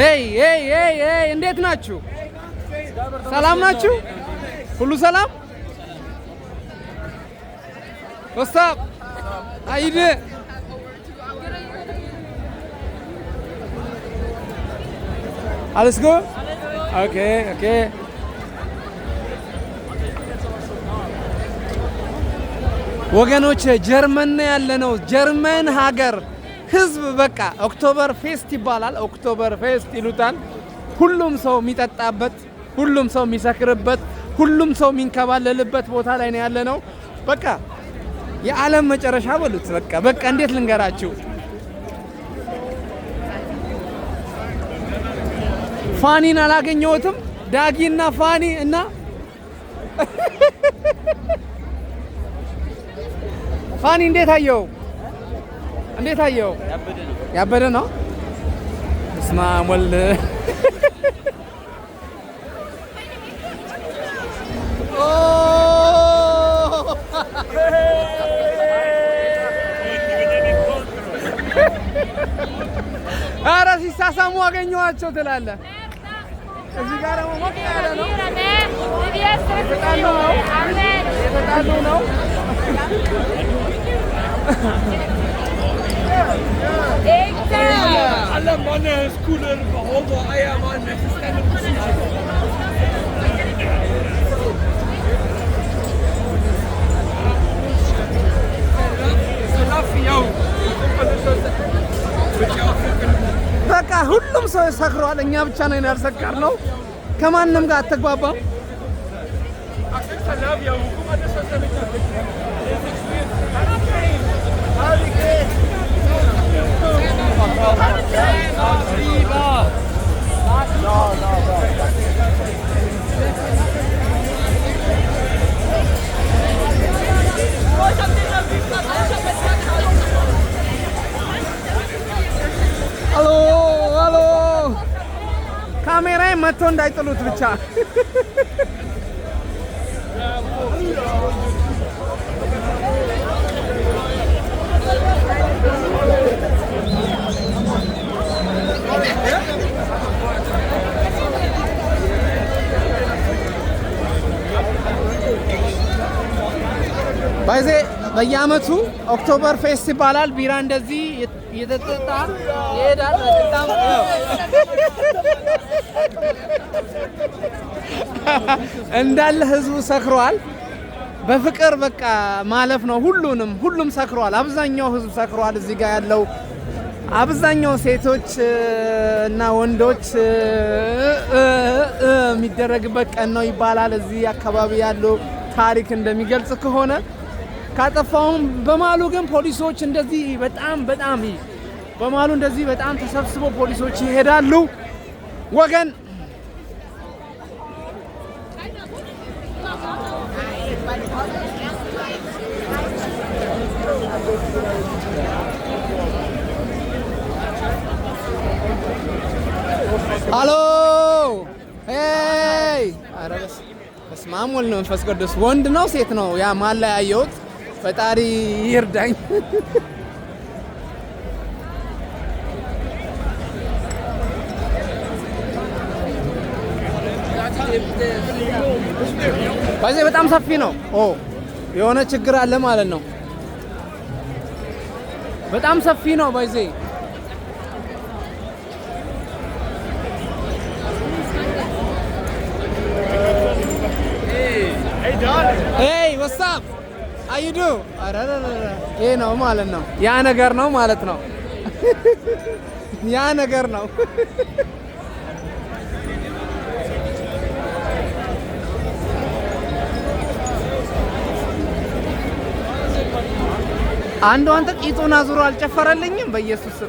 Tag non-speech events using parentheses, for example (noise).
ኤይ ኤይ ኤይ እንዴት ናችሁ? ሰላም ናችሁ? ሁሉ ሰላም ወስታብ አይደ አለስ ጎ ኦኬ ኦኬ ወገኖች ጀርመን ያለነው ጀርመን ሀገር ህዝብ በቃ ኦክቶበር ፌስት ይባላል። ኦክቶበር ፌስት ይሉታል። ሁሉም ሰው የሚጠጣበት፣ ሁሉም ሰው የሚሰክርበት፣ ሁሉም ሰው የሚንከባለልበት ቦታ ላይ ነው ያለ ነው። በቃ የዓለም መጨረሻ በሉት። በቃ በቃ እንዴት ልንገራችሁ ፋኒን አላገኘሁትም። ዳጊ እና ፋኒ እና (laughs) ፋኒ እንዴት አየው? እንዴት አየው? ያበደ ነው። እስማ ሞል አረ ሲሳሳሙ አገኘኋቸው ትላለህ። እዚህ ጋር ደግሞ ሞቅ ያለ ነው። የተጣሉ ነው። የተጣሉ ነው። Egal! Alle Mann ist cool, Homo, Eiermann, das ist eine በቃ ሁሉም ሰው ሰክሯል። እኛ ብቻ ነው ያልሰከር ነው። ከማንም ጋር አትግባባም። ካሜራዬ መቶ እንዳይጥሉት ብቻ። ባይዜ በየአመቱ ኦክቶበር ፌስት ይባላል። ቢራ እንደዚህ እየተጠጣ ይሄዳል። እንዳለ ህዝቡ ሰክሯል። በፍቅር በቃ ማለፍ ነው። ሁሉንም ሁሉም ሰክሯል። አብዛኛው ህዝብ ሰክሯል። እዚህ ጋር ያለው አብዛኛው ሴቶች እና ወንዶች የሚደረግበት ቀን ነው ይባላል። እዚህ አካባቢ ያለው ታሪክ እንደሚገልጽ ከሆነ ካጠፋውም በማሉ ግን ፖሊሶች እንደዚህ በጣም በጣም በማሉ እንደዚህ በጣም ተሰብስቦ ፖሊሶች ይሄዳሉ። ወገን አሎ ይ ወልድ መንፈስ ቅዱስ። ወንድ ነው ሴት ነው? ያ ማን ላይ ያየሁት? ፈጣሪ ይርዳኝ። በዚህ በጣም ሰፊ ነው። ኦ የሆነ ችግር አለ ማለት ነው። በጣም ሰፊ ነው። በዚህ Hey, what's up? አይዱ ይሄ ነው ማለት ነው። ያ ነገር ነው ማለት ነው። ያ ነገር ነው። አንዱ አንተ ቂጡን አዙሮ አልጨፈረልኝም በኢየሱስ